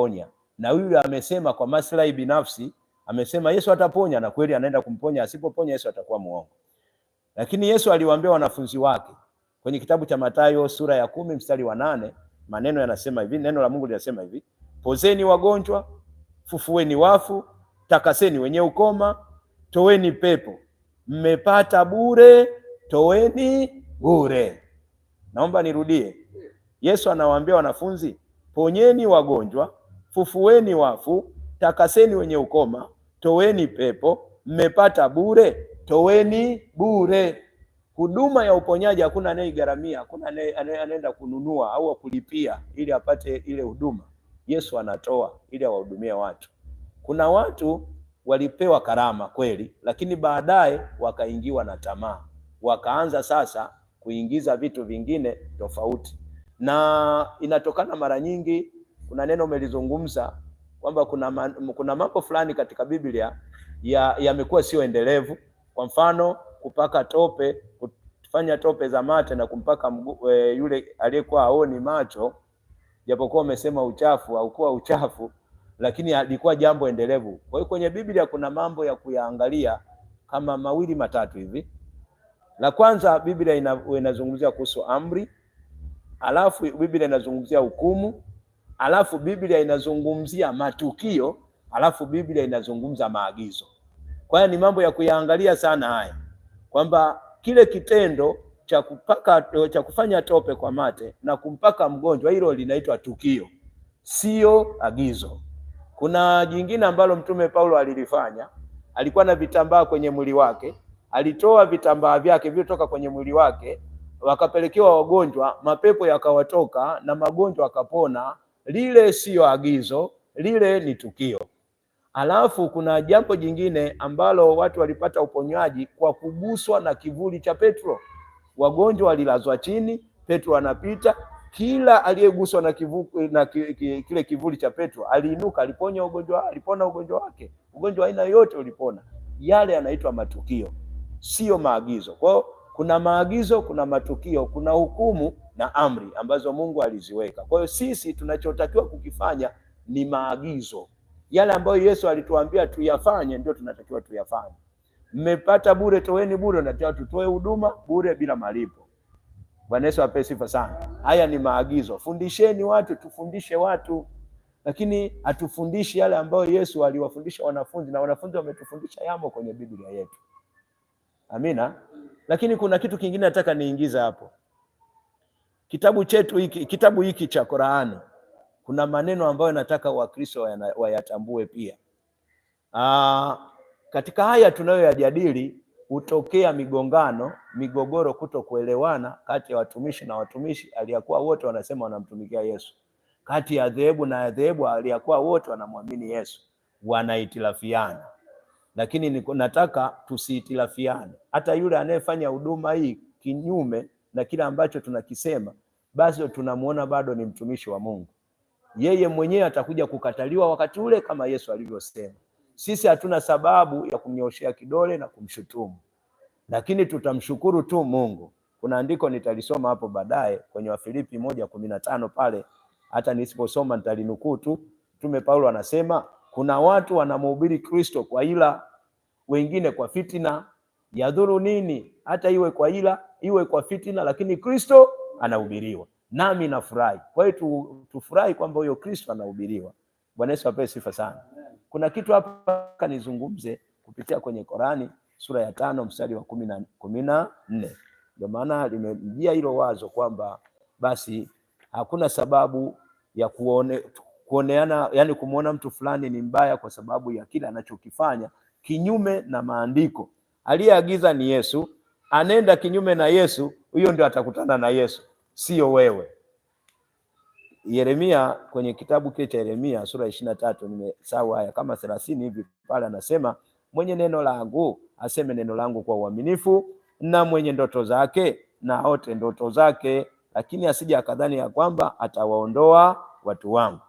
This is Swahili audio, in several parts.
kumponya, na huyu amesema kwa maslahi binafsi, amesema Yesu ataponya, na kweli anaenda kumponya. Asipoponya Yesu atakuwa muongo. Lakini Yesu aliwaambia wanafunzi wake kwenye kitabu cha Mathayo sura ya kumi mstari wa nane maneno yanasema hivi, neno la Mungu linasema hivi: pozeni wagonjwa, fufueni wafu, takaseni wenye ukoma, toweni pepo, mmepata bure, toweni bure. Naomba nirudie, Yesu anawaambia wanafunzi, ponyeni wagonjwa fufueni wafu, takaseni wenye ukoma, toweni pepo, mmepata bure, toweni bure. Huduma ya uponyaji hakuna anayeigaramia, hakuna anaenda kununua au kulipia ili apate ile huduma. Yesu anatoa ili awahudumie watu. Kuna watu walipewa karama kweli, lakini baadaye wakaingiwa na tamaa, wakaanza sasa kuingiza vitu vingine tofauti, na inatokana mara nyingi kuna neno umelizungumza kwamba kuna man, kuna mambo fulani katika Biblia yamekuwa sio endelevu. Kwa mfano kupaka tope, kufanya tope za mate na kumpaka mgu, e, yule aliyekuwa aoni macho, japokuwa umesema uchafu haukuwa uchafu, lakini alikuwa jambo endelevu. Kwa hiyo kwenye Biblia kuna mambo ya kuyaangalia kama mawili matatu hivi. La kwanza Biblia inazungumzia kuhusu amri, alafu Biblia inazungumzia hukumu alafu Biblia inazungumzia matukio, alafu Biblia inazungumza maagizo. Kwa hiyo ni mambo ya kuyaangalia sana haya, kwamba kile kitendo cha kupaka cha kufanya tope kwa mate na kumpaka mgonjwa, hilo linaitwa tukio, sio agizo. Kuna jingine ambalo Mtume Paulo alilifanya, alikuwa na vitambaa kwenye mwili wake, alitoa vitambaa vyake vilivyotoka kwenye mwili wake, wakapelekewa wagonjwa, mapepo yakawatoka na magonjwa akapona. Lile siyo agizo, lile ni tukio. Alafu kuna jambo jingine ambalo watu walipata uponywaji kwa kuguswa na kivuli cha Petro. Wagonjwa walilazwa chini, Petro anapita. Kila aliyeguswa na, kivu, na ki, ki, kile kivuli cha Petro aliinuka, aliponya ugonjwa, alipona ugonjwa wake. Ugonjwa aina yote ulipona. Yale yanaitwa matukio, siyo maagizo. Kwa hiyo kuna maagizo, kuna matukio, kuna hukumu na amri ambazo Mungu aliziweka. Kwa hiyo sisi tunachotakiwa kukifanya ni maagizo yale ambayo Yesu alituambia tuyafanye, ndio tunatakiwa tuyafanye. Mmepata bure, toeni bure. Natakiwa tutoe huduma bure, bila malipo. Bwana Yesu apewe sifa sana. Haya ni maagizo. Fundisheni watu, tufundishe watu, lakini hatufundishi yale ambayo Yesu aliwafundisha wanafunzi, na wanafunzi wametufundisha, yamo kwenye Biblia yetu. Amina. Lakini kuna kitu kingine nataka niingiza hapo. Kitabu chetu hiki, kitabu hiki cha Qur'ani kuna maneno ambayo nataka Wakristo wayatambue pia. Aa, ah, katika haya tunayoyajadili hutokea migongano, migogoro, kuto kuelewana kati ya watumishi na watumishi, aliyakuwa wote wanasema wanamtumikia Yesu, kati ya dhehebu na dhehebu, aliyakuwa wote wanamwamini Yesu, wanahitilafiana. Lakini nataka tusihitilafiane, hata yule anayefanya huduma hii kinyume na kila ambacho tunakisema, basi tunamuona bado ni mtumishi wa Mungu. Yeye mwenyewe atakuja kukataliwa wakati ule, kama Yesu alivyosema. Sisi hatuna sababu ya kumnyoshea kidole na kumshutumu, lakini tutamshukuru tu Mungu. Kuna andiko nitalisoma hapo baadaye kwenye Wafilipi moja kumi na tano pale, hata nisiposoma nitalinukuu tu. Mtume Paulo anasema kuna watu wanamhubiri Kristo kwa ila, wengine kwa fitina. Yadhuru nini? Hata iwe kwa ila iwe kwa fitina, lakini Kristo anahubiriwa, nami nafurahi. Kwa hiyo tufurahi kwamba huyo Kristo anahubiriwa. Bwana Yesu apewe sifa sana. Kuna kitu hapa nizungumze kupitia kwenye Korani sura ya tano mstari wa kumi na kumi na nne. Ndio maana limemjia hilo wazo kwamba basi hakuna sababu ya kuone, kuoneana yani kumwona mtu fulani ni mbaya kwa sababu ya kile anachokifanya kinyume na maandiko. Aliyeagiza ni Yesu, anenda kinyume na Yesu, huyo ndio atakutana na Yesu, sio wewe. Yeremia kwenye kitabu kile cha Yeremia sura ishirini na tatu nimesahau haya kama thelathini hivi, pale anasema mwenye neno langu aseme neno langu kwa uaminifu, na mwenye ndoto zake na aote ndoto zake, lakini asije akadhani ya kwamba atawaondoa watu wangu.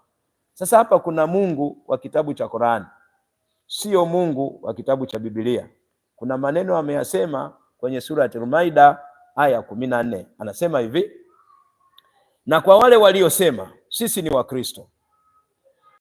Sasa hapa kuna Mungu wa kitabu cha Qur'ani, sio Mungu wa kitabu cha Biblia. Kuna maneno ameyasema kwenye suratul Maida aya ya kumi na nne anasema hivi, na kwa wale waliosema sisi ni Wakristo